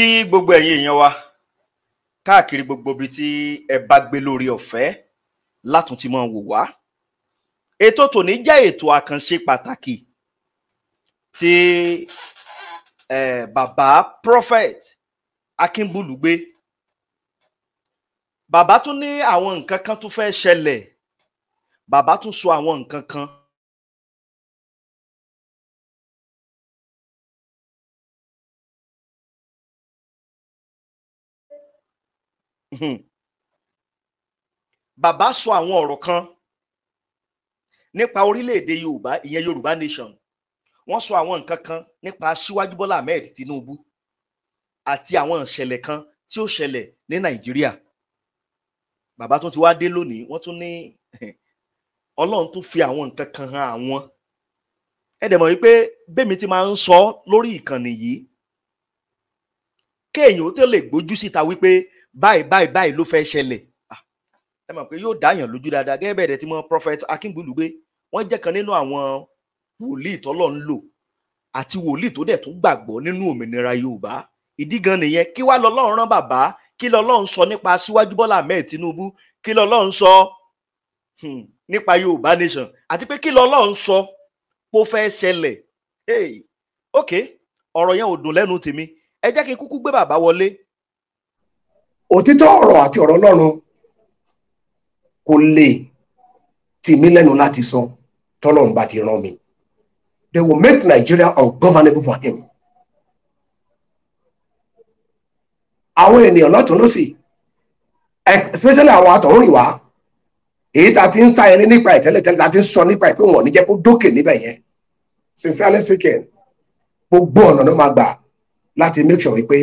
kí gbogbo ẹ̀yin èèyàn wa káàkiri gbogbo ibi tí ẹ bá gbé lórí ọ̀fẹ́ látún ti máa wò wá ètò tòní jẹ́ ètò àkànṣe pàtàkì tí eh, bàbá prophet akínbùlùgbé bàbá tún ní àwọn nǹkan kan tún fẹ́ ṣẹlẹ̀ bàbá tún sọ àwọn nǹkan kan Hmm. bàbá sọ àwọn ọ̀rọ̀ kan nípa orílẹ̀-èdè yorùbá ìyẹn yorùbá nation wọ́n sọ àwọn nǹkan kan nípa aṣíwájú bọ́lá ahmed tinubu àti àwọn ìṣẹ̀lẹ̀ kan tí ó ṣẹlẹ̀ ní nàìjíríà bàbá tó ti wá dé lónìí wọ́n tún ní ọlọ́run tún fi àwọn nǹkan kan hàn àwọn ẹ dẹ̀ mọ̀ wípé bẹ́mi ti máa ń sọ lórí ìkànnì yìí kéèyàn ó tẹ́ lè gbójú síta wípé báyìí báyìí báyìí ló fẹ́ ṣẹlẹ̀ ẹ mọ̀ pé yóò dáyàn lójú dáadáa gẹ́gẹ́ bẹ́ẹ̀ tí wọ́n prophet akíngbùlùgbé wọ́n jẹ́ kan nínú àwọn wòlíì tọ́lọ̀ ń lò àti wòlíì tó dẹ̀ tún gbàgbọ́ nínú òmìnira yorùbá ìdí gan nìyẹn kí wá lọ́lọ́run rán bàbá kí lọ́lọ́run sọ nípa síwájú bọ́lá ahmed tinubu kí lọ́lọ́run sọ hmm, nípa yorùbá nation àti pé kí lọ́lọ́run sọ pó fẹ́ ṣẹlẹ̀ ok ọ̀rọ̀ yẹn ò dùn lẹ́nu tèmi ẹ jẹ́ kí n kúkú gbé bàbá wọlé òtítọ́ ọ̀rọ̀ àti ọ̀rọ̀ ọlọ́run kò lè tì mí lẹ́nu láti sọ tọ́lọ́run bá ti rán mi they will make Nigeria ungovernable for him. àwọn ènìyàn lọ́tún lọ́sì especially àwọn àtọ̀húnrìnwá èyí tá a ti ń sá ẹni nípa ẹ̀ tẹ́lẹ̀tẹ́lẹ̀ tá a ti ń sọ nípa ẹ̀ pé ní jẹ́ kó dókè níbẹ̀ yẹn sincerely speaking gbogbo ọ̀nà ló máa gbà láti make sure wípé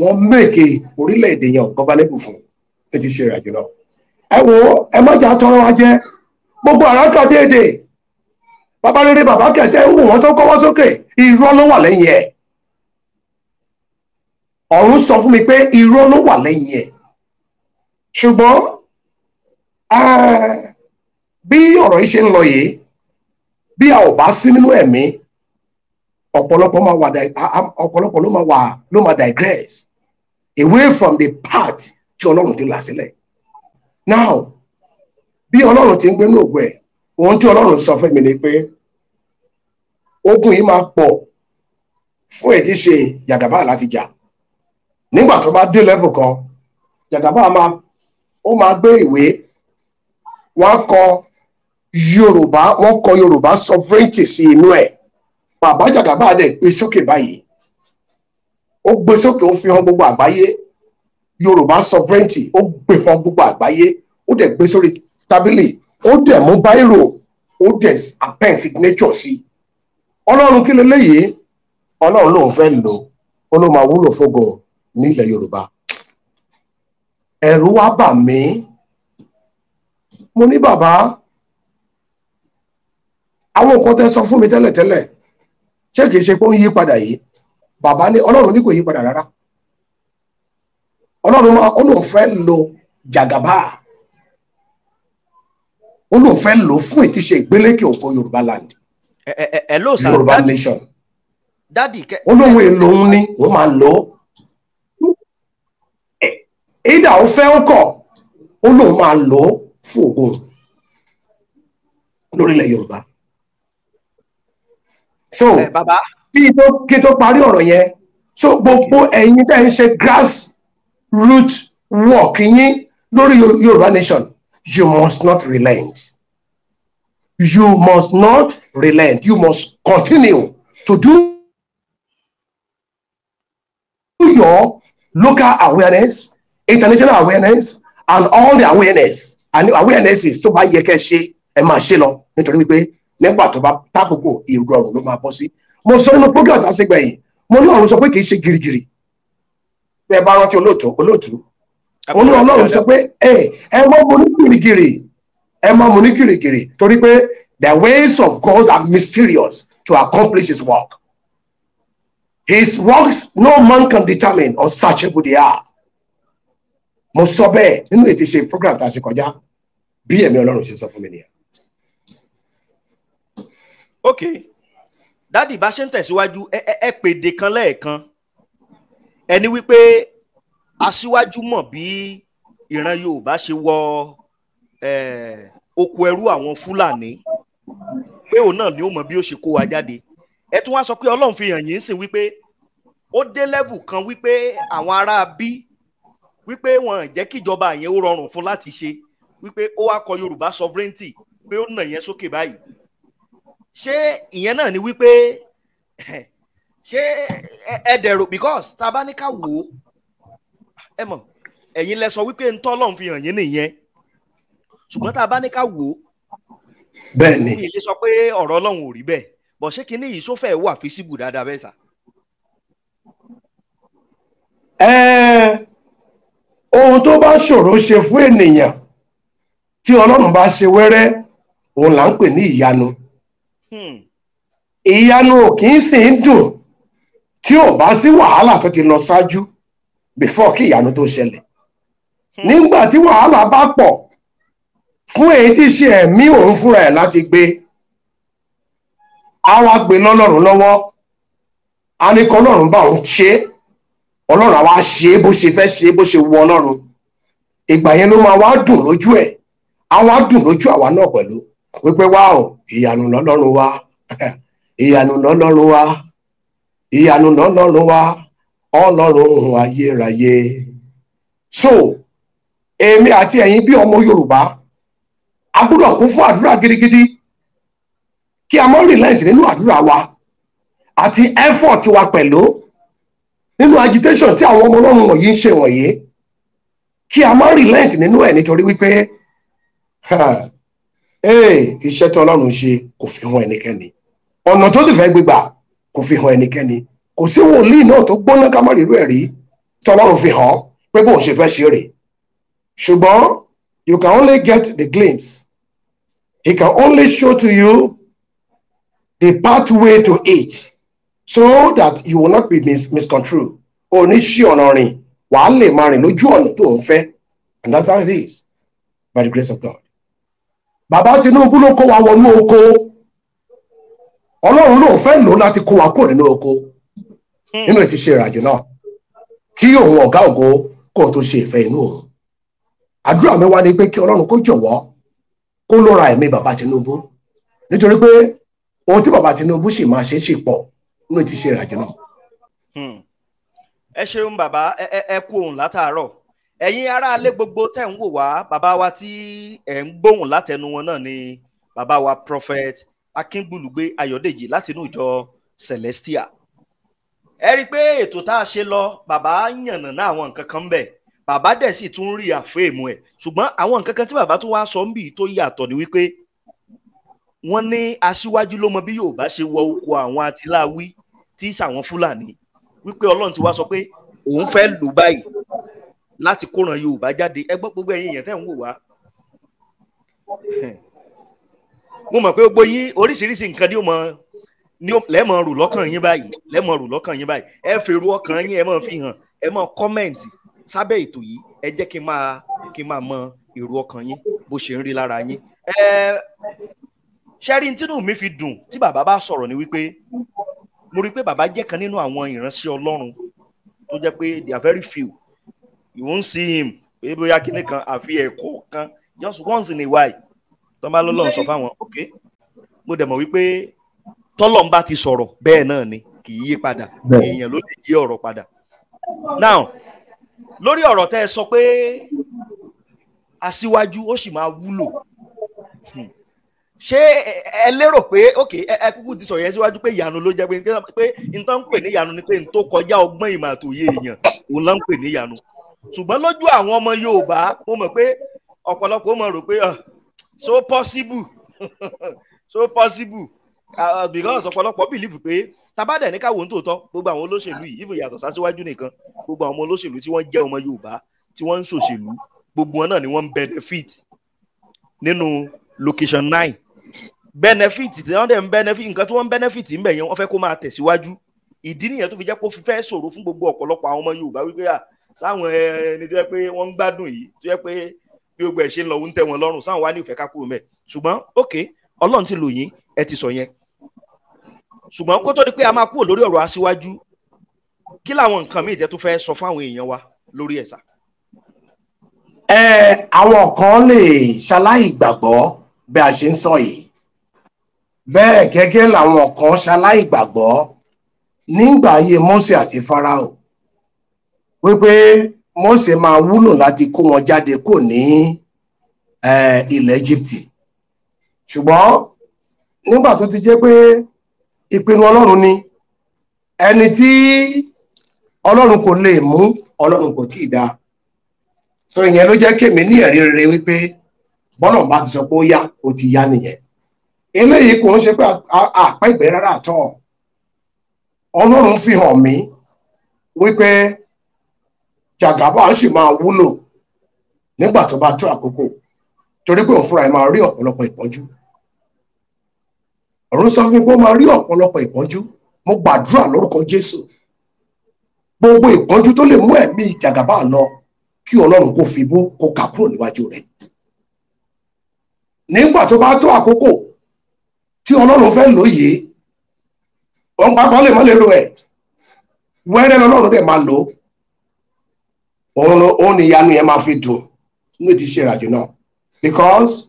wọ́n mèkè orílẹ̀-èdè yẹn nǹkan bá lẹ́bù fún ẹ ti ṣe ìrìnàjò náà. ẹ wo ẹ mọ́jà tọrọ wa jẹ gbogbo àràkà déédé bàbá rere bàbá kẹtẹ ń wò wọ́n tó kọ́wọ́ sókè irọ́ ló wà lẹ́yìn ẹ̀ ọ̀run sọ fún mi pé irọ́ ló wà lẹ́yìn ẹ̀ ṣùgbọ́n bí ọ̀rọ̀ yìí ṣe ń lọ yìí bí a ò bá sí nínú ẹ̀mí ọ̀pọ̀lọpọ̀ ló máa wà ló máa digress away from the path tí ọlọ́run ti là sílẹ̀ now bí ọlọ́run ti ń gbé ní ògùn ẹ̀ ohun tí ọlọ́run sọ fún mi ni pé ogun yìí máa pọ̀ fún èdè ṣe yàgàbá láti jà nígbà tó bá dé level kan yàgàbá máa ó máa gbé ìwé wọn kọ yorùbá wọn kọ yorùbá sovereignty sí inú ẹ̀ bàbá yàgàbá dẹ̀ gbé sókè báyìí ó gbé sókè ó fi hàn gbogbo àgbáyé yorùbá sovereignty ó gbé hàn gbogbo àgbáyé ó dẹ̀ gbé sórí tábìlì ó dẹ̀ mú báírò ó dẹ̀ append signature sí ọlọ́run kí leléyìí ọlọ́run lòun fẹ́ lò ó ló máa wúlò fógun nílẹ̀ yorùbá ẹ̀rù wá bà mí mo ní bàbá àwọn nǹkan tẹ́ sọ fún mi tẹ́lẹ̀tẹ́lẹ̀ ṣé kìí ṣe pé ó ń yí padà yìí bàbá ní ọlọ́run ní kò yí padà rárá ọlọ́run máa ó lóun fẹ́ lo jàgàbá ó lóun fẹ́ lò fún ìtíṣe ìgbélékè òfò yorùbá land yorùbá nation ó lóun èlò òun ni máa ìdá e, ó fẹ́ ó kọ̀ ó lóun máa yorùbá. so kí n tó parí ọ̀rọ̀ yẹn so gbogbo ẹ̀yin tẹ́ ń ṣe grass root work yín lórí Yorùbá nation you must not relent you must not relent you must continue to do your local awareness international awareness and all the awareness and awarenesses tó bá yẹ kẹ́ ṣe ẹ máa ṣe lọ nítorí wípé nígbà tó bá tákòkò ìrọ̀rùn ló máa bọ́ sí mo sọ nínú program tá a ṣe gbẹ̀yìn mo ní ọ̀run sọ pé kì í ṣe girigiri bẹ́ẹ̀ bá rántí olóòtú olóòtú òun ní ọlọ́run sọ pé ẹ ẹ mọ́ mo ní girigiri ẹ mọ́ mo ní girigiri torí pé the ways of God are mysterious to accomplish his work his works no man can determine or search unsearchable they are mo sọ bẹ́ẹ̀ nínú ètò ìṣe program tá a ṣe kọjá bí ẹ̀mí ọlọ́run ṣe sọ fún mi nìyẹn. okay dádì bá ṣe ń tẹ̀síwájú ẹ ẹ pèdè kan lẹ́ẹ̀kan ẹni wípé aṣíwájú mọ̀ bí ìran Yorùbá ṣe wọ oko ẹrú àwọn Fúlàní pé òun náà ni ó mọ̀ bí ó ṣe kó wa jáde ẹ tún wá sọ pé Ọlọ́run fi hàn yín sí wípé ó dé lẹ́vù kan wípé àwọn ará bí wípé wọn jẹ́ kíjọba yẹn ó rọrùn fún láti ṣe wípé ó wá kọ Yorùbá sovereignty pé ó nà yẹn sókè báyìí ṣé ìyẹn náà ni wípé ṣé ẹ dẹ̀rọ because tá a bá ní ká wò ó ẹ mọ̀ ẹ̀yin lẹ sọ wípé ntọ́ Ọlọ́run fi hàn yín nìyẹn ṣùgbọ́n tá a bá ní ká wò ó bẹ́ẹ̀ni mi lè sọ pé ọ̀rọ̀ Ọlọ́run ò rí bẹ́ẹ̀ bọ̀ ṣé kinní yìí sófẹ́ wà físíbù dáadáa bẹ́ẹ̀ sà. ohun tó bá ṣòro ṣe fún ènìyàn tí Ọlọ́run bá ṣe wẹ́rẹ́ òun là ń pè ní ìyanu. Hmm. ìyanu ò kì í sì ń dùn tí ò bá sí wàhálà tó ti lọ ṣáájú before kí ìyanu tó ṣẹlẹ̀ hmm. nígbà tí wàhálà bá pọ̀ fún èyí tí ṣe ẹ̀mí òun fúnra ẹ̀ láti gbé A wá gbé lọ́lọ́run lọ́wọ́ á ní kọ́ ọlọ́run bá òun ṣe ọlọ́run àwa ṣe bó ṣe fẹ́ ṣe bó ṣe wù ọlọ́run ìgbà yẹn ló máa wá dùn lójú ẹ̀ á wá dùn lójú àwa náà pẹ̀lú wípé wá o ìyanu lọ́lọ́run wa ìyanu lọ́lọ́run wa ìyanu lọ́lọ́run wa ọlọ́run ayérayé so èmi àti ẹ̀yin bí ọmọ yorùbá a gbọ́dọ̀ kún fún àdúrà gidigidi kí a mọ́ relent nínú àdúrà wa àti effort wa pẹ̀lú nínú agitation tí àwọn ọmọ ọlọ́run wọ̀nyí ń ṣe wọ̀nyí kí a mọ́ relent nínú ẹ̀ nítorí wípé iṣẹ́ tí ọlọ́run ṣe kò fi hàn ẹnikẹ́ni ọ̀nà tó sì fẹ́ gbégbà kò fi hàn ẹnikẹ́ni kò sí wòlíì náà tó gbóná ká má rírú ẹ̀ rí tí ọlọ́run fi hàn pé bóun ṣe fẹ́ ṣe rè ṣùgbọ́n you can only get the glimpse he can only show to you the pathway to it so that you will not be mis misconstrued òní ṣí ọ̀nà rìn wàá lè máa rìn lójú ọ̀nà tó ń fẹ́ and that's how it is by the grace of God. bàbá Tinubu ló kó wa wọnú oko Ọlọ́run ló fẹ́ lò láti kó wa kúrò nínú oko nínú ìtìṣe ìrìnàjò náà kí òun ọ̀gá ògo kó tó ṣe ìfẹ́ inú òun àdúrà mi wá ni pé kí Ọlọ́run kó jọ̀wọ́ kó lọ́ra ẹ̀mí bàbá Tinubu nítorí pé ohun tí bàbá Tinubu sì máa ṣe sì pọ̀ nínú ìtìṣe ìrìnàjò náà. Hmm. ẹ ṣeun bàbá ẹ kú òun látàárọ̀. ẹ̀yin aráalé gbogbo tẹ̀ ń wò wá bàbá wa tí ẹ̀ ń gbóhùn látẹnu wọn náà ni bàbá wa prophet akíngbùlùgbé ayọ̀dèjì látinú ìjọ celestia ẹ rí i pé ètò tá a ṣe lọ bàbá yànnà náà àwọn nǹkan kan bẹ̀ bàbá dẹ̀ sì tún rí àfẹ́ẹ̀mù ẹ̀ ṣùgbọ́n àwọn nǹkan kan tí bàbá tún wá sọ ń bì tó yàtọ̀ ni wípé wọ́n ní aṣíwájú ló mọ bí yorùbá ṣe wọ oko àwọn atiláwí tí sàwọn fúlàní wípé ọlọ́run ti wá sọ pé òun fẹ́ lù báyìí láti kóran yorùbá jáde ẹ gbọ́ gbogbo ẹ̀yin èèyàn tẹ́ ń wò wá. mo mọ̀ pé gbogbo yín oríṣiríṣi nǹkan ni ó mọ ní lẹ́mọ̀ rò lọ́kàn yín báyìí lẹ́mọ̀ rò lọ́kàn yín báyìí ẹ fèrò ọkàn yín ẹ máa fi hàn ẹ máa kọ́mẹ̀ǹtì sábẹ́ ètò yìí ẹ jẹ́ kí n máa kí n máa mọ èrò ọkàn yín bó ṣe ń rí lára yín. ṣẹ́rí tínú mi fi dùn tí bàbá bá sọ̀rọ̀ ni wípé mo rí i pé bàbá jẹ́ kan nínú àwọn ìránṣẹ́ ọlọ́run tó jẹ́ pé they are very few you won't see him pé bóyá kíní kan àfi ẹ̀kọ́ kan just once in a while tó bá lọ́lọ́ sọ fáwọn ok mo dẹ̀ mọ̀ wípé tọ́lọ̀ ń bá ti sọ̀rọ̀ bẹ́ẹ̀ náà ni kì í yí padà èèyàn ló lè yí ọ̀rọ̀ padà now lórí ọ̀rọ̀ tẹ́ ẹ sọ pé aṣíwájú ó sì máa wúlò hmm. ṣé ẹ lérò pé ok ẹ kúkú ti sọ̀rọ̀ yẹn síwájú pé ìyanu ló jẹ́ pé pé n tó ń pè ní ìyanu ni pé n tó kọjá ọgbọ́n ìmọ̀ àtòyé èèyàn òun ló ń pè ní ìyanu ṣùgbọ́n lójú àwọn ọmọ Yorùbá mo mọ̀ pé ọ̀pọ̀lọpọ̀ mọ̀ rò pé ah, so possible so possible uh, because ọ̀pọ̀lọpọ̀ believe pé tabadẹ̀ ní káwọn tòótọ́ gbogbo àwọn olóṣèlú yìí ìfò yàtọ̀ sásíwájú nìkan gbogbo àwọn ọmọ olóṣèlú tí wọ́n jẹ́ ọmọ Yorùbá tí wọ́n ń ṣòṣèlú gbogbo wọn náà ni wọ́n ń benefit nínú location nine benefit tí wọ́n dẹ̀ ń benefit nǹkan tí wọ́n ń benefit ń bẹ̀ yẹn wọ́n fẹ́ kó máa tẹ̀síwájú ìdí nìyẹn tó fi jẹ́ kó fẹ́ ṣòro fún gbogbo ọ̀pọ̀lọpọ̀ àwọn ọmọ Yorùbá wípé ah, sáwọn eh, ẹni tó yẹ pé wọ́n ń gbádùn yìí tó yẹ pé bí gbogbo ẹ̀ ṣe ń lọ ń tẹ́ wọn lọ́rùn sáwọn wá ní ìfẹ́ ká kúrò mẹ́ ṣùgbọ́n ok ọlọ́run ti lò yín ẹ ti sọ yẹn ṣùgbọ́n kó tó di pé a máa kúrò lórí ọ̀rọ̀ aṣíwájú kí làwọn nǹkan míì tẹ́ tó fẹ́ sọ fáwọn èèyàn wa lórí ẹ̀ sà. ẹ àwọn kan lè ṣaláì bí a ṣe ń sọ yìí bẹ́ẹ̀ gẹ́gẹ́ làwọn kan ṣaláì nígbà ayé Mósè àti Fáráò wípé Mósè máa wúlò láti kó wọn jáde kò ní ilẹ̀ Egypt ṣùgbọ́n nígbà ti jẹ́ pé ìpinnu Ọlọ́run ni ẹni tí Ọlọ́run kò lè mú Ọlọ́run kò tí ì so ìyẹn ló jẹ́ kémi ní ẹ̀rí rere wípé bọ́lọ̀ bá ti sọ pé ó yá ó ti yá nìyẹn eléyìí kò ń ṣe pé rárá Ọlọ́run fi hàn mí wípé jàgàbá sì máa wúlò nígbà tó bá tó àkókò torí pé òun fúnra ẹ̀ máa rí ọ̀pọ̀lọpọ̀ ìpọ́njú ọ̀run sọ fún mi pé ó máa rí ọ̀pọ̀lọpọ̀ ìpọ́njú mo gbàdúrà lórúkọ Jésù gbogbo ìpọ́njú tó lè mú ẹ̀mí jàgàbá lọ kí Ọlọ́run kó fi bó kó kà kúrò níwájú rẹ̀ nígbà tó bá tó àkókò tí Ọlọ́run fẹ́ lóye wọn pàápàá lè má lè ro ẹ̀ wẹ́rẹ́ lọ́lọ́run dẹ̀ máa lò ó òun ni ìyanu yẹn máa fi dùn nínú ìdí ṣe ìrìnàjò náà because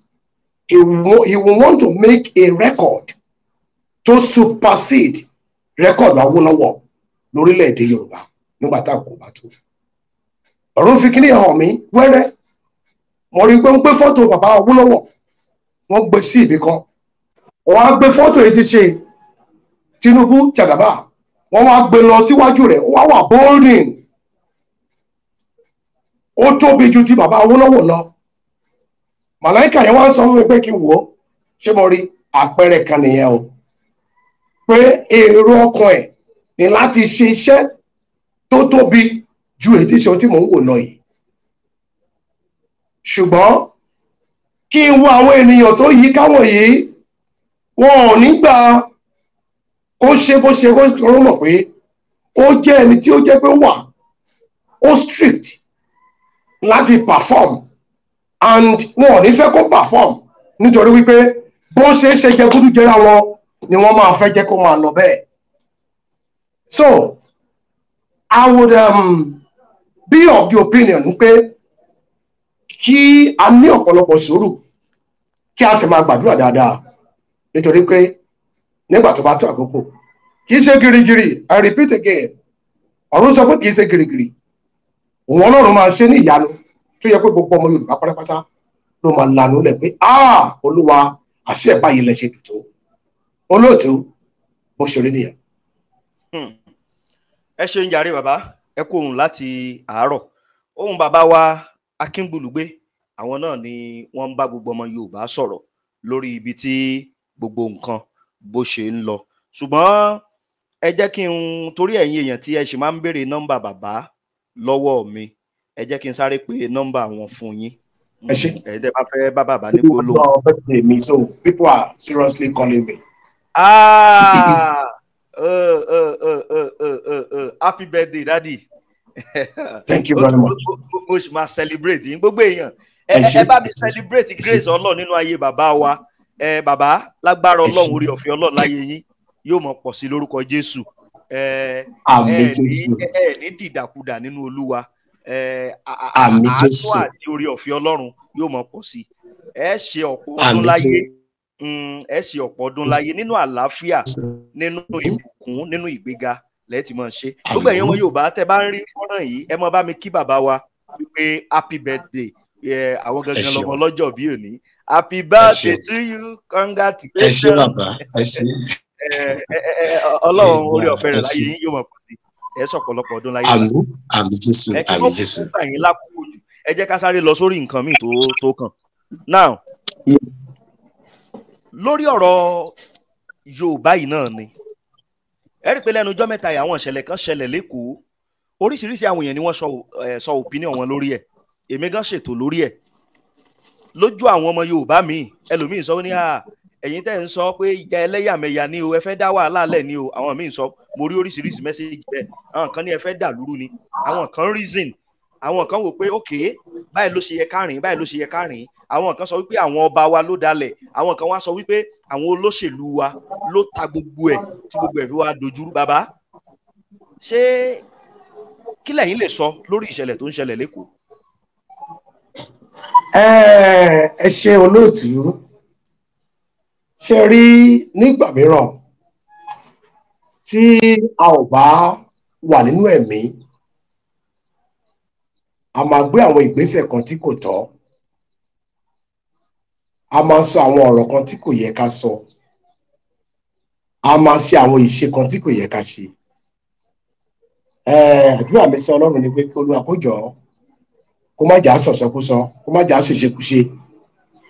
he will, he will want to make a record to supersede record Awólọ́wọ̀ lórílẹ̀‐èdè Yorùbá nígbà tá a kò bá tó ọ̀run fi kíní hàn mí wẹ́rẹ́ mo rí i pé ń gbé fọ́tò bàbá Awólọ́wọ̀ wọ́n gbé sí ibì kan wọ́n á gbé fọ́tò yìí ti ṣe Tinubu Jagaba wọ́n wá gbé lọ síwájú rẹ̀ wọ́n wà bóódìn ó tóbi ju ti bàbá Awólọ́wọ̀ lọ màláìkà yẹn wá ń sọ fún mi pé kí n wò ó ṣé mo rí àpẹẹrẹ kan nìyẹn o pé èrò ọkàn ẹ̀ ní láti ṣe iṣẹ́ tó tóbi ju èyí tí ṣe tí mò ń wò lọ yìí ṣùgbọ́n kí n wo àwọn ènìyàn tó yí káwọn yìí wọn ò ní gbà kó ṣe bó ṣe kó mọ̀ pé ó jẹ́ ẹni tí ó jẹ́ pé wà ó strict láti perform and wọn ò ní fẹ́ kó perform nítorí wípé bó ṣe é ṣe jẹ gúdú jẹra wọn ni wọ́n máa fẹ́ jẹ́ kó máa lọ bẹ́ẹ̀. so I would um, be of the opinion pé kí a ní ọ̀pọ̀lọpọ̀ sùúrù kí a sì máa gbàdúrà dáadáa nítorí pé nígbà tó bá tó àkókò kì í ṣe girigiri I repeat again ọ̀run sọ pé kì í ṣe girigiri òun ọlọ́run máa ṣe ní ìyanu tó yẹ pé gbogbo ọmọ yorùbá pátápátá ló máa lanu lẹ pé ah olúwa àṣẹ ẹ̀ báyìí lẹ ṣe dùn tó olóòtú mo ṣeré nìyẹn. Hmm. ẹ ṣe ń jàre bàbá ẹ kú ohun láti àárọ̀ ohun bàbá wa akíngbùlùgbé àwọn náà ni wọ́n ń bá gbogbo ọmọ yorùbá sọ̀rọ̀ lórí ibi tí gbogbo nǹkan bó ṣe ń lọ ṣùgbọ́n ẹ jẹ́ kí n torí ẹ̀yin èèyàn tí ẹ ṣì máa ń béèrè nọ́mbà bàbá lọ́wọ́ mi ẹ jẹ́ kí n sáré pé nọ́mbà wọn fún yín. ẹ ṣe ẹ dẹ bá fẹ́ bá bàbá ní gbólóhùn. people are birthday me so people are seriously calling me. ah uh, uh, uh, uh, uh, uh, uh, happy birthday daddy. thank you very much. mo ṣì máa celebrate yín gbogbo èèyàn ẹ bá mi celebrate grace ọlọ́run nínú ayé bàbá wa ẹ bàbá lágbára ọlọ́run orí ọ̀fẹ́ ọlọ́run láyé yín yóò mọ̀ pọ̀ sí lórúkọ jésù ẹ ẹ ní dìdàkudà nínú olúwa àánú àti orí ọ̀fẹ́ ọlọ́run yóò mọ̀ pọ̀ sí ẹ ṣe ọ̀pọ̀ ọdún láyé mm, ẹ ṣe ọ̀pọ̀ ọdún láyé nínú àlàáfíà nínú ìbùkún nínú ìgbéga lẹ́ẹ̀tì máa ṣe gbogbo ẹ̀yin ọmọ Yorùbá tẹ́ bá ń rí fọ́nrán yìí ẹ máa bá mi kí bàbá wa wípé happy birthday àwọn gangan lọmọ lọ́jọ́ bí òní happy birthday to you congratulations. ẹ ṣé bàbá ẹ ṣé ọlọ́run orí ọ̀fẹ́ rẹ̀ láyé yóò mọ̀ pàdé ẹ sọ̀pọ̀lọpọ̀ ọdún láyé àmì àmì jésù àmì jésù ẹ jẹ́ ká sáré lọ sórí nǹkan míì tó tó kàn now lórí ọ̀rọ̀ yorùbá yìí náà ni ẹ rí i pé lẹ́nu ọjọ́ mẹ́ta yìí àwọn ìṣẹ̀lẹ̀ kan ṣẹlẹ̀ lẹ́kọ̀ọ́ oríṣiríṣi àwọn èèyàn ni wọ́n sọ opinion wọn lórí ẹ̀ èmi gan ṣètò lórí ẹ̀ lójú àwọn ọmọ yorùbá míì ẹlòmíì sọ ní à ẹ̀yin tẹ́ ń sọ pé ìjà ẹlẹ́yàmẹ̀yà ni o ẹ fẹ́ dá wàhálà lẹ̀ ni o àwọn míì ń sọ mo rí oríṣiríṣi mẹ́sẹ̀gì bẹ́ẹ̀ àwọn kan ní ẹ fẹ́ dà lúrú ni àwọn kan reason àwọn kan wò pé ok báyìí ló ṣe yẹ ká rìn báyìí ló ṣe yẹ ká rìn àwọn kan sọ wípé àwọn ọba wa ló dalẹ̀ àwọn kan wá sọ wípé àwọn olóṣèlú wa ló ta gbogbo ẹ̀ tí gbogbo ẹ̀ fi wá dojúrú bàbá ṣé kí lẹ̀yin lè sọ lórí ìṣẹ̀lẹ̀ tó ń ṣẹlẹ̀ lẹ́kọ̀ọ́. ẹ ẹ ṣe olóòtú ṣe rí nígbà mìíràn tí a ò bá wà nínú ẹ̀mí a máa gbé àwọn ìgbésẹ̀ kan tí kò tọ́ a máa sọ àwọn ọ̀rọ̀ kan tí kò yẹ ká sọ a máa ṣe àwọn ìṣe kan tí kò yẹ ká ṣe àdúrà mi sọ Ọlọ́run ni pé kí Olúwa kó má jà sọ̀sọ́kúsọ kó má jà ṣèṣekúṣe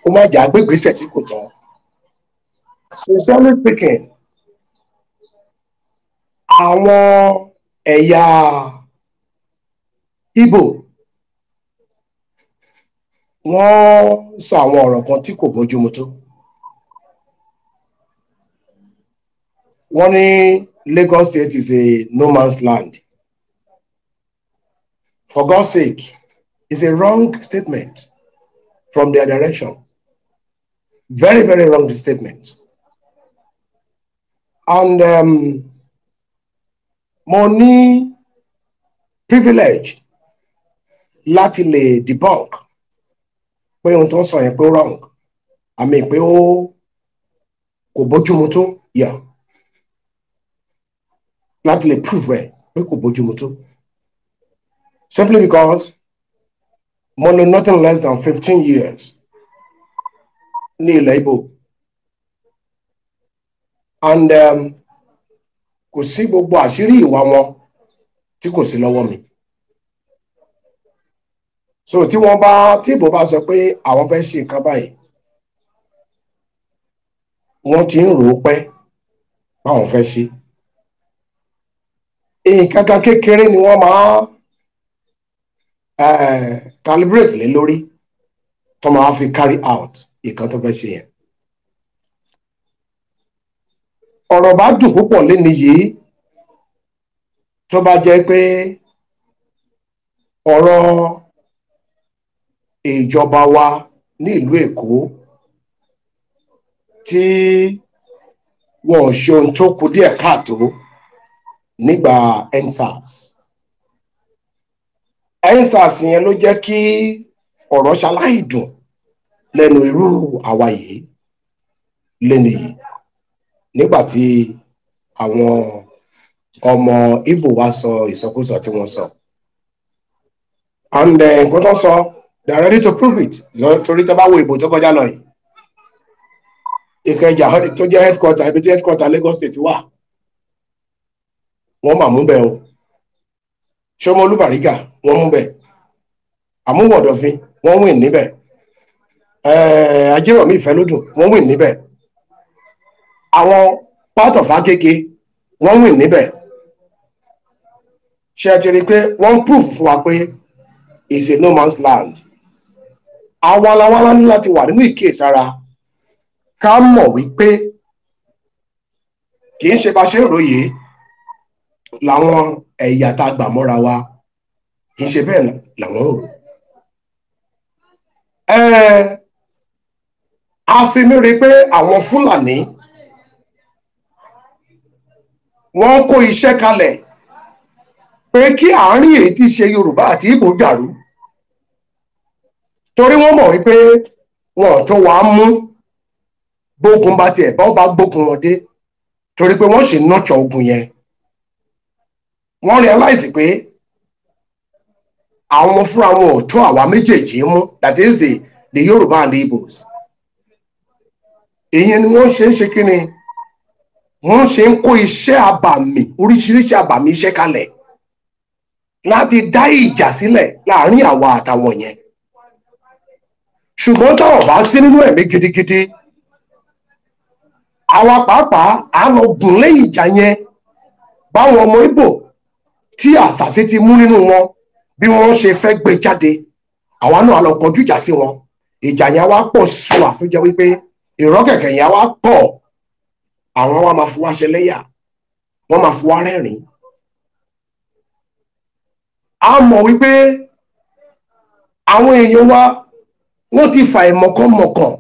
kó má jà gbégbésẹ̀ tí kò tọ́ sincerely speaking àwọn ẹ̀yà Ìgbò wọ́n sọ àwọn ọ̀rọ̀ kan tí kò bójúmu tó wọ́n ní Lagos State is a no man's land for God's sake it's a wrong statement from their direction very very wrong statement and um, mo privilege láti lè debunk pé ohun tó ń sọ yẹn pé wrong àmì pé ó kò bójúmu tó yà láti lè prove rẹ pé kò bójúmu tó simply because mo lo nothing less than fifteen years ní ilẹ̀ Ìgbò and um, kò sí gbogbo àṣírí ìwà wọn tí kò sí lọ́wọ́ mi so tí wọ́n bá tí ìbò bá sọ pé àwọn fẹ́ ṣe nǹkan báyìí wọ́n ti ń rò ó pẹ́ báwọn fẹ́ ṣe nǹkan kan kékeré ni wọ́n máa eh, eh, calibrate lé lórí tó máa fi carry out nǹkan tó fẹ́ ṣe yẹn ọ̀rọ̀ bá dùn púpọ̀ léni yìí tó bá jẹ́ pé ọ̀rọ̀ ìjọba wa ní ìlú Èkó tí wọn ò ṣe ohun tó kù díẹ̀ káàtó nígbà EndSARS EndSARS yẹn ló jẹ́ kí ọ̀rọ̀ ṣaláìdùn lẹ́nu irú àwa yìí léni yìí nígbà tí àwọn ọmọ Ìgbò wa sọ ìsọkúsọ tí wọ́n sọ and nǹkan tó sọ they are ready to prove it torí tó bá wo ìbò tó kọjá lọ yìí Ìkẹjà tó jẹ́ headquarter ibi tí headquarter Lagos State wà wọ́n mà mú bẹ́ẹ̀ o Ṣómólú Bàrígà wọ́n mú bẹ́ẹ̀ Àmúwọ̀dọ̀fin wọ́n wìn níbẹ̀ Ajérọ̀mí Ìfẹ́lódùn wọ́n wìn níbẹ̀ àwọn part of Agege wọ́n wìn níbẹ̀ ṣe ti rí i pé wọ́n proof fún wa pé is a no man's land àwa làwọn aláǹdí láti wà nínú ìkíyèsára ká mọ̀ wípé kì í ṣe bá ṣe ròyè làwọn ẹ̀yà tá a gbà mọ́ra wa kì í ṣe bẹ́ẹ̀ làwọn ò. a fi mí rí i pé àwọn Fúlàní wọ́n kó iṣẹ́ kalẹ̀ pé kí àárín èyí tí ṣe Yorùbá àti Ìgbò dàrú torí wọ́n mọ̀ wípé wọn ò tó wàá mú gbógun bá tiẹ̀ bá wọn bá gbógun wọn dé torí pé wọ́n ṣe nọ́ọ̀tsọ̀ ogun yẹn wọ́n realize pé àwọn fúnra wọn ò tó àwa méjèèjì mú that is the the Yorùbá and the Igbos ìyẹn ni wọ́n ṣe ń ṣe kí ni wọ́n ṣe ń kó iṣẹ́ àbàmì oríṣiríṣi àbàmì iṣẹ́ kalẹ̀ láti dá ìjà sílẹ̀ láàrin àwa àtàwọn yẹn ṣùgbọ́n táwọn bá sí nínú ẹ̀mí gidigidi àwa pàápàá á lọ gùn lẹ́yìn ìjà yẹn báwọn ọmọ Ìgbò tí àṣàṣe ti mú nínú wọn bí wọ́n ṣe fẹ́ gbé jáde àwa náà á kọjú ìjà sí wọn ìjà yẹn wá pọ̀ sí wa wípé ìrọ́kẹ̀kẹ̀ yẹn wá pọ̀ àwọn wa máa fi wá ṣẹlẹ́yà wọ́n máa fi wá rẹ́rìn-ín a mọ̀ wípé àwọn èèyàn wa wọ́n ti fà ìmọ̀kànmọ̀kàn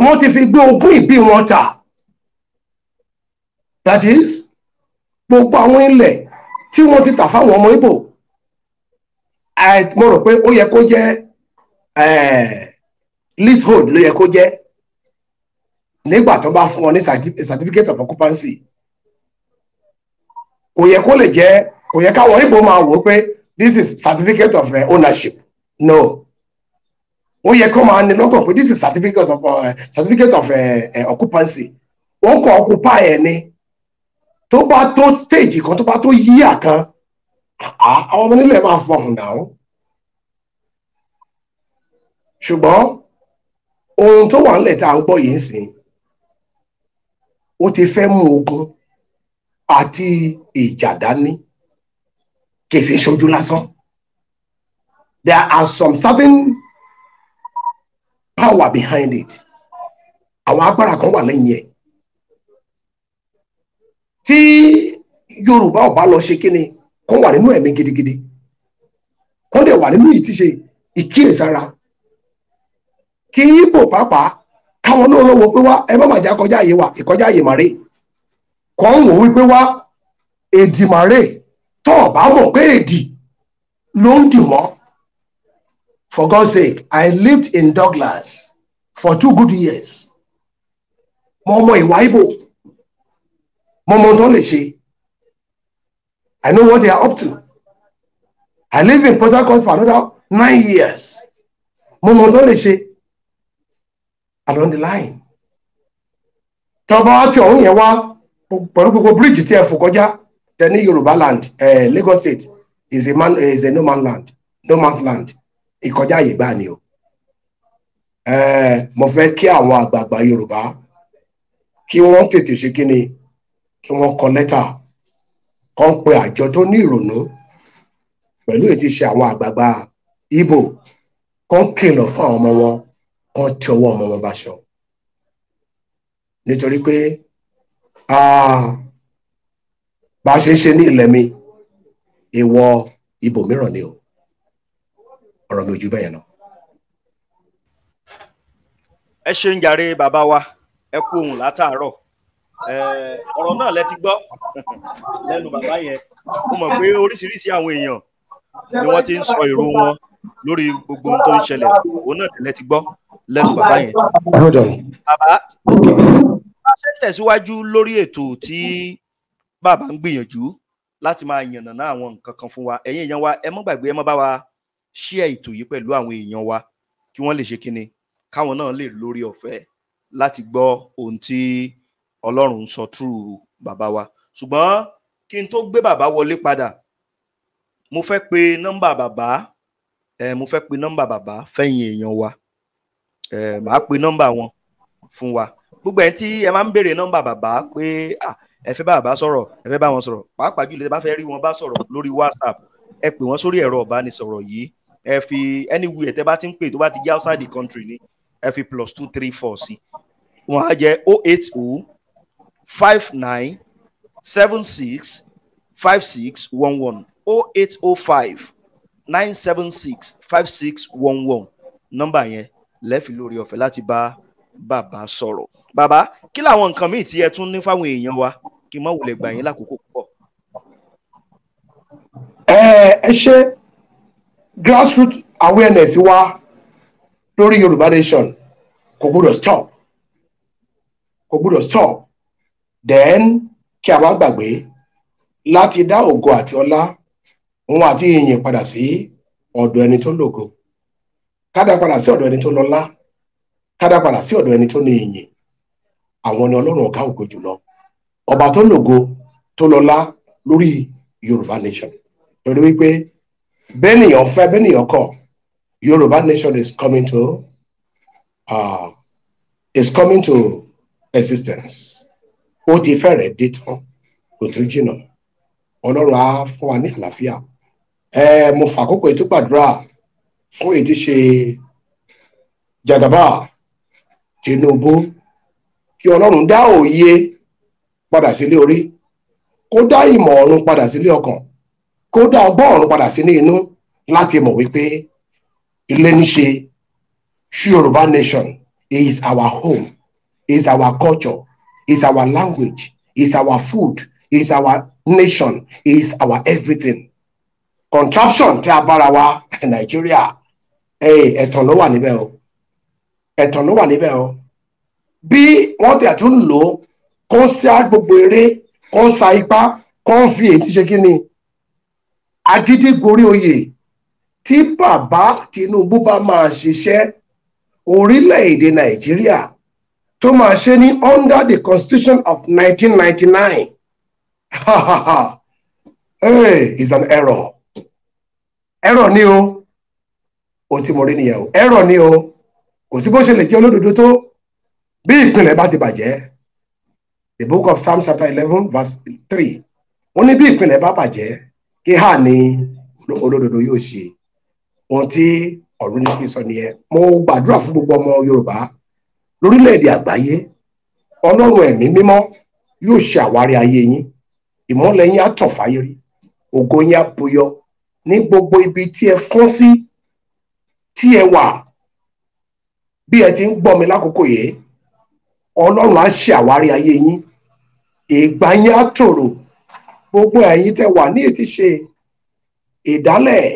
wọ́n ti fi gbé ogún ìbí wọn ta that is gbogbo àwọn ilẹ̀ tí wọ́n ti tà fáwọn ọmọ Ìgbò mo rò pé ó yẹ kó jẹ́ eh, leasehold ló yẹ kó jẹ́ nígbà tó bá fún ọ ní certificate of occupancy kò yẹ kó lè jẹ́ kò yẹ káwọn ibo máa wò ó pé this is certificate of uh, ownership no ó yẹ kó máa ní lọ́tọ̀ pé this is certificate of uh, certificate of uh, uh, occupancy ó kọ occupy ẹ̀ ni tó bá tó stage kan tó bá tó yíyà kan àwọn ọmọ nílò ẹ̀ máa fọhùn náà ṣùgbọ́n ohun tó wà nílẹ̀ tá à ń gbọ́ yìí ń sìn ó ti fẹ́ mú ogun àti ìjà dání kìí ṣe ṣojú lásán there are some certain power behind it àwọn agbára kan wà lẹ́yìn ẹ̀ tí Yorùbá ò bá lọ ṣe kíni kó wà nínú ẹ̀mí gidigidi kó dẹ̀ wà nínú ìtíṣe ìkíyèsára kí Ìgbò pàápàá káwọn náà lọ wò pé wá ẹ má má já kọjá àyè wa ìkọjá àyè màrè kàn wò wípé wá èdì màrè tó o bá mọ̀ pé èdì ló ń dì mọ́ for God's sake I lived in Douglas for two good years mo mọ ìwà Ìgbò mo mọ tó lè ṣe I know what they are up to I lived in Port Harcourt for another nine years mo mọ tó lè ṣe. along the line tọba ọtí ọ̀hún yẹn wá pẹ̀lú gbogbo bíríìjì tí ẹ fò kọjá tẹ ní Yorùbá land eh, Lagos state is a, man, land no man's land o mo fẹ́ kí àwọn àgbààgbà Yorùbá kí wọ́n tètè ṣe kí ni kọ pe àjọ tó ní ìrònú pẹ̀lú ètí ṣe àwọn àgbààgbà kan kìlọ̀ kán tí ọwọ́ ọmọ wọn bá ṣọ nítorí pé bá a ṣe ń ṣe ní ilẹ̀ mi ìwọ ibòmíràn ni o ọ̀rọ̀ mi ò ju bẹ́ẹ̀ lọ. ẹ ṣe ń jàre bàbá wa ẹ kú ohun látàárọ̀ ọ̀rọ̀ náà lẹ ti gbọ́ lẹ́nu bàbá yẹn mo mọ̀ pé oríṣiríṣi àwọn èèyàn ni wọ́n ti ń sọ èrò wọn lórí gbogbo ohun tó ń ṣẹlẹ̀ òun náà lẹ ti gbọ́ lẹ́nu bàbá yẹn. bàbá òkè bá ṣe tẹ̀síwájú lórí ètò tí bàbá ń gbìyànjú láti máa yànnàná àwọn nǹkan kan fún wa ẹ̀yin èèyàn wa ẹ mọ́ gbàgbé ẹ mọ́ bá wa share ètò yìí pẹ̀lú àwọn èèyàn wa kí wọ́n lè ṣe kíni káwọn náà lè lórí ọ̀fẹ́ láti gbọ́ ohun tí Ọlọ́run sọ túrú bàbá wa ṣùgbọ́n kí n tó gbé bàbá wọlé padà mo fẹ́ pe nọ́mbà bàbá ẹ mo fẹ́ pe nọ́mbà bàbá fẹ́yìn èèyàn wa Eh, màá pe nọ́mbà wọn fún wa gbogbo ẹ̀ tí ẹ máa ń béèrè nọ́mbà bàbá pé ẹ fẹ́ bá bàbá sọ̀rọ̀ ẹ fẹ́ bá wọn sọ̀rọ̀ pàápàá jùlọ ẹ bá fẹ́ rí wọn bá sọ̀rọ̀ lórí whatsapp ẹ pè wọ́n sórí ẹ̀rọ ìbánisọ̀rọ̀ yìí ẹ fi anywhere tẹ bá ti ń pè tó bá ti jẹ́ outside the country ni ẹ fi plus two three four sí wọn á jẹ́ oh eight oh five nine seven six five six one one oh eight oh five nine seven six five six one one nọ́mbà yẹn lẹ́fì lórí ọ̀fẹ́ láti bá bàbá sọ̀rọ̀ bàbá kí làwọn nǹkan míì tí ẹ tún ní fáwọn èèyàn wa kí n má wulẹ̀ gbà yín lákòókò púpọ̀. ẹ ṣe grassroot awareness wa lórí Yorùbá nation kò gbọdọ̀ stop kò gbọdọ̀ stop then kí a má gbàgbé láti dá ògo àti ọlá òun àti ìyìn padà sí ọ̀dọ̀ ẹni tó lògo kádà padà sí ọ̀dọ̀ ẹni tó lọ́lá kádà padà sí ọ̀dọ̀ ẹni tó ní ìyìn àwọn ni ọlọ́run ọ̀gá ògo jùlọ ọba tó lògo tó lọ́lá lórí yorùbá nation torí wípé bẹ́nìyàn fẹ́ bẹ́nìyàn kọ̀ yorùbá nation is coming to uh, is coming to existence ó ti fẹ́rẹ̀ dé tán kò tún jìnnà ọlọ́run á fún wa ní àlàáfíà ẹ mo fàkókò ètò gbàdúrà fún ìdíje jagaba Tinubu kí Ọlọ́run dá òye padà sílé orí kó dá ìmọ̀ ọ̀run padà sílé ọkàn kó dá ọgbọ́n ọ̀run padà sínú inú láti mọ̀ wípé ilé níṣe Yorùbá nation is our home is our culture is our language is our food is our nation is our everything contraption tí a bára wa Nàìjíríà ẹ̀tàn ló wà níbẹ̀ o ẹ̀tàn ló wà níbẹ̀ o bí wọ́n tẹ̀ tún lò ó kó sá gbogbo eré kó sa ipá kó fi èyí ṣe kí ni agídí gorí oyè tí bàbá Tinubu bá máa ṣiṣẹ́ orílẹ̀ Nàìjíríà tó máa ṣe ní under the constitution of 1999 ha ha ha hey, is an error error ni o ohun tí mo rí nìyẹn o ẹ̀rọ ni o kò sí bó ṣe lè jẹ́ olódodo tó bí ìpìlẹ̀ bá ti bàjẹ́ the book of Psalms chapter eleven verse three wọ́n ní bí ìpìlẹ̀ bá bàjẹ́ kí hà ní olódodo yóò ṣe ohun tí ọ̀run ní sọ nìyẹn mo gbàdúrà fún gbogbo ọmọ yorùbá lórílẹ̀‐èdè àgbáyé ọlọ́run ẹ̀mí mímọ́ yóò ṣe àwárí ayé yín ìmọ́lẹ̀ yín ògo yín á ní gbogbo ibi tí ẹ fún sí. Si tí ẹ wà bí ẹ ti ń gbọ́ mi lákòókò yìí ọlọ́run á ṣe àwárí ayé yín ìgbà yín á tòrò gbogbo ẹ̀yin tẹ́ wà ní ètí ṣe ìdálẹ̀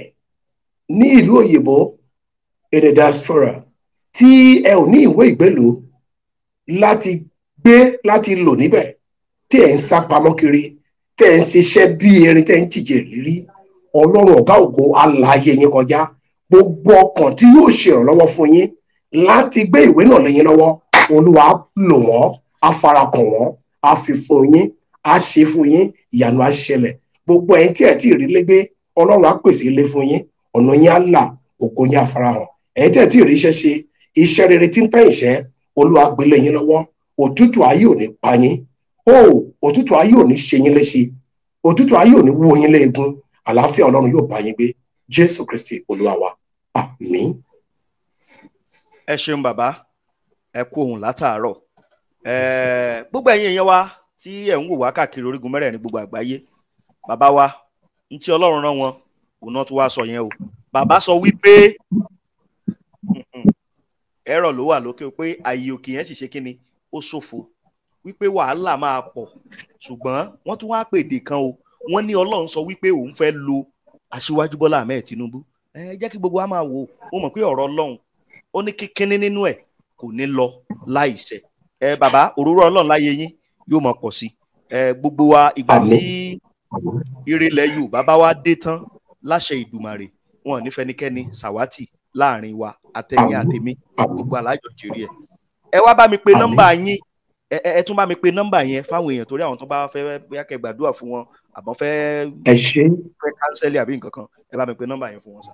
ní ìlú òyìnbó èdè diaspora tí ẹ ò ní ìwé ìgbélùú láti gbé láti lò níbẹ̀ tí ẹ̀ ń sá pamọ́ kiri tẹ́ ń ṣiṣẹ́ bí erin tẹ́ ń jìjì rírí ọlọ́run ọ̀gá ògo alààyè yín kọjá gbogbo ọkàn tí yóò ṣe ìrànlọ́wọ́ fún yín láti gbé ìwé náà lẹ́yìn lọ́wọ́ olúwa lò wọ́n á farakàn wọ́n á fi fún yín á ṣe fún yín ìyanu á ṣẹlẹ̀ gbogbo ẹ̀yin tí ẹ̀ tí ì rí légbé ọlọ́run á pèsè ilé fún yín ọ̀nà yín á là ògo yín á farahàn ẹ̀yin tí ẹ̀ tí ì rí iṣẹ́ ṣe iṣẹ́ rere tí ń pẹ́ ìṣẹ́ olúwa gbélé yín lọ́wọ́ òtútù ayé ò ní pa yín o òtútù ayé ò ní ṣe yín léṣe òtútù ayé ò ní wó yín léegun àlàáfíà ọlọ́run yóò bá yín gbé jésù kristi olúwa wa àmín. ẹ ṣeun bàbá ẹ kú ohun látàárọ̀ gbogbo ẹ̀yin èèyàn wa tí ẹ ń wò wá káàkiri orígun mẹ́rẹ̀ẹ̀rin gbogbo àgbáyé bàbá wa ní tí ọlọ́run rán wọn òun náà tún wá sọ yẹn o bàbá sọ wípé ẹ̀rọ ló wà lókè pé ààyè òkè yẹn sì ṣe kí ni ó ṣòfò wípé wàhálà máa pọ̀ ṣùgbọ́n wọ́n tún wá pèdè kan o wọ́n ní ọlọ́run sọ wípé òun fẹ́ lo aṣíwájú bọ́lá ahmed tinubu ẹ jẹ́ kí gbogbo wa máa wò ó mọ̀ pé ọ̀rọ̀ ọlọ́run ó ní kíkínní nínú ẹ̀ kò ní lọ láìṣẹ ẹ bàbá òróró ọlọ́run láyé yín yóò máa pọ̀ sí ẹ gbogbo wa ìgbà tí ìrìnlẹ̀ yorùbá bá wa dé tán láṣẹ ìdùmàrè wọn ò ní fẹnikẹ́ni sàwátì láàrin wa àtẹ̀yìn àtẹ̀mí gbogbo alájọ jèrè ẹ ẹ wá bá mi pe nọ́mbà yín ẹ tún bá mi pe nọ́mbà yẹn fáwọn èèyàn torí àwọn tó bá fẹ́ bóyá kẹ́ gbàdúrà fún wọn àbọ̀ fẹ́ ẹ ṣe fẹ́ kánsẹ́lì àbí nǹkan kan ẹ bá mi pe nọ́mbà yẹn fún wọn sà.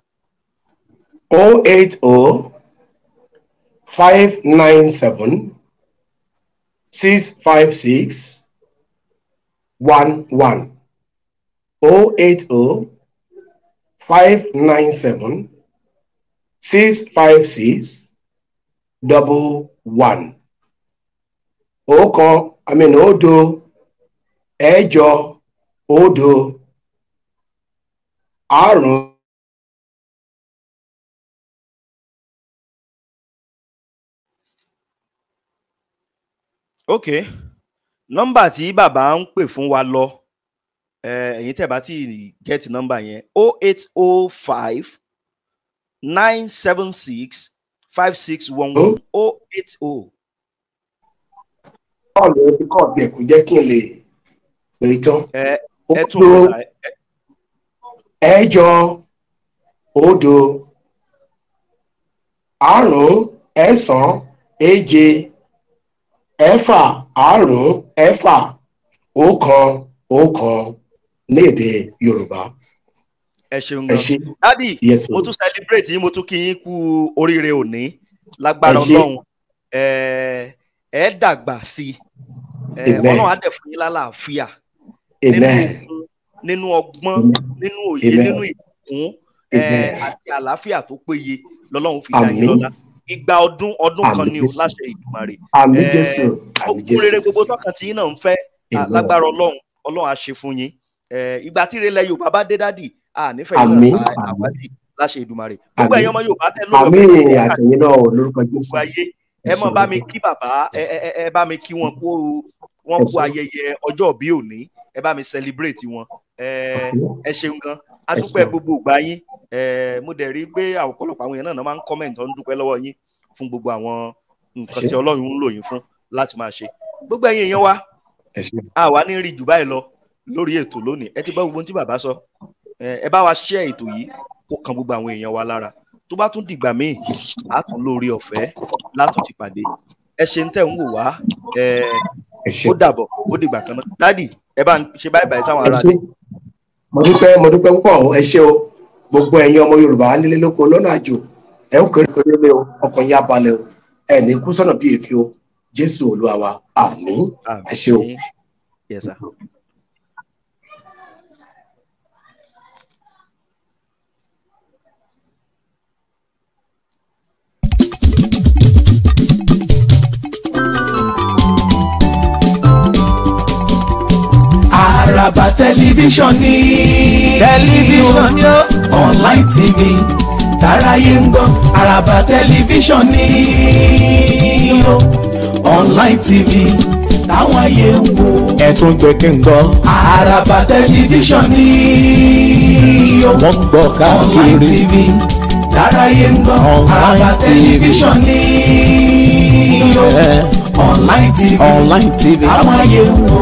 o oh eight o oh five nine seven six five six one one o oh eight o five nine seven six five six double one ọ̀kan àmìnà òdo ẹ̀jọ òdo àrún. ok nọ́mbà tí bàbá ń pè fún wa lọ ẹ̀yin tẹ́ bá ti get nọ́mbà yẹn o oh eight o oh five nine seven six five six one one o oh. eight o bọ́ọ̀lù ẹbí kàn tiẹ̀ kò jẹ́ kí n lè pè é tán. ẹ tún wọ́n sá ẹ̀jọ òdo àrún ẹ̀sán èje ẹ̀fà àrún ẹ̀fà ọ̀kan ọ̀kan ní èdè Yorùbá ẹ ṣeun gan dadi mo tún celebrate yín mo tún kí yín kú oríire òní lágbára Ọlọ́run ẹ dàgbà sí i ọlọ́run á dẹ̀ fún yín lálàáfíà nínú ọgbọ́n nínú òye nínú ìbùkún àti àlàáfíà tó péye lọ́lọ́run fi dá yín lọ́lá ìgbà ọdún ọdún kan ni o láṣẹ Èdùmàrè àmín Jésù àmín Jésù òkúrere gbogbo tọkàn tí yín náà ń fẹ́ lágbára ọlọ́run ọlọ́run á ṣe fún yín ìgbà tí ìrẹ̀lẹ̀ Yorùbá bá dé dádì à nífẹ̀ẹ́ yìí náà àwátì láṣẹ Èdùmàrè gbogbo ẹ̀yàn ọmọ Yorùbá tẹ́ lóyún ọmọ Yorùbá tẹ́ lóyún ọmọ Yorùbá ẹ mọ bá mi kí bàbá ẹ bá mi kí wọn kú wọn kú ayẹyẹ ọjọ́ bí òní ẹ bá mi celebrate wọn ẹ ṣeun gan a dúpẹ́ gbogbo ìgbà yín mo dẹ̀ rí i pé ọ̀pọ̀lọpọ̀ àwọn èèyàn náà máa ń comment ọ̀hún dúpẹ́ lọ́wọ́ yín fún gbogbo àwọn nǹkan tí ọlọ́run ń lò yín fún láti máa ṣe gbogbo ẹ̀yin èèyàn wa a wà ní rí jù báyìí lọ lórí ètò lónìí ẹ ti bá gbogbo ohun tí bàbá sọ ẹ bá wa share ètò yìí kó kan gbogbo àwọn èèyàn wa lára tó bá tún dìgbà míì á tún lórí ọ̀fẹ́ látún ti pàdé ẹ ṣe ń tẹ̀ ń wò wá ẹ ó dàbọ̀ ó dìgbà kan náà dádì ẹ bá ń ṣe báyìí báyìí sáwọn ará rẹ. mo dúpẹ́ mo dúpẹ́ púpọ̀ ẹ ṣé o gbogbo ẹ̀yin ọmọ yorùbá nílé lóko lọ́nà àjò ẹ ó kéré kéré lé o ọkàn yá balẹ̀ o ẹ ní kú sọ́nà bíi èké o jésù olúwa wa àmín ẹ ṣé o. Yes, bàbá tẹlifíṣàn ni. tẹlifíṣàn ni online tv tàráyé ń gbọ́ àràbà tẹlifíṣàn ni online tv táwọn ayé ń wo. ẹ tún gbé kí n gbọ́. àràbà tẹlifíṣàn ni wọ́n gbọ́ káàkiri. online tv tàráyé ń gbọ́ àràbà tẹlifíṣàn ni ó online tv online tv amáyéwò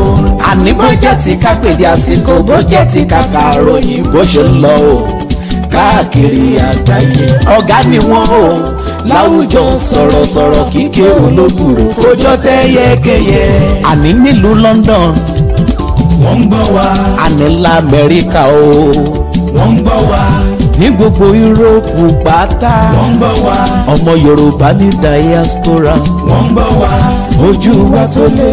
àní bó jẹ́ ti ká pèdé àsìkò bó jẹ́ ti ká kàròyìn bó ṣe ń lọ o káàkiri àgbáyé ọ̀gá ni wọ́n o láwùjọ sọ̀rọ̀sọ̀rọ̀ kíkẹ́ olóbùrò kójọ tẹ́ yẹ́kẹ́yẹ́ àní nílùú London wọ́n ń gbọ́ wa àní lamẹ́ríkà o wọ́n ń gbọ́ wa ní gbogbo yúróòpù pátá. wọ́n gbọ́ wá. ọmọ yorùbá ní diaspora. wọ́n gbọ́ wá. ojú wa tó lé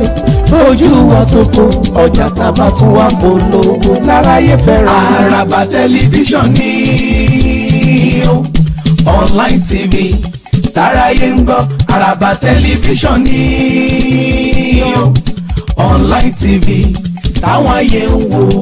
ojú wa tó kó ọjà tábà tún wá polówó láráyé fẹ́ràn. àràbà tẹlifíṣàn ni ó online tv táráyé ń gbọ́ àràbà tẹlifíṣàn ni ó online tv táwọn ayé ń wò.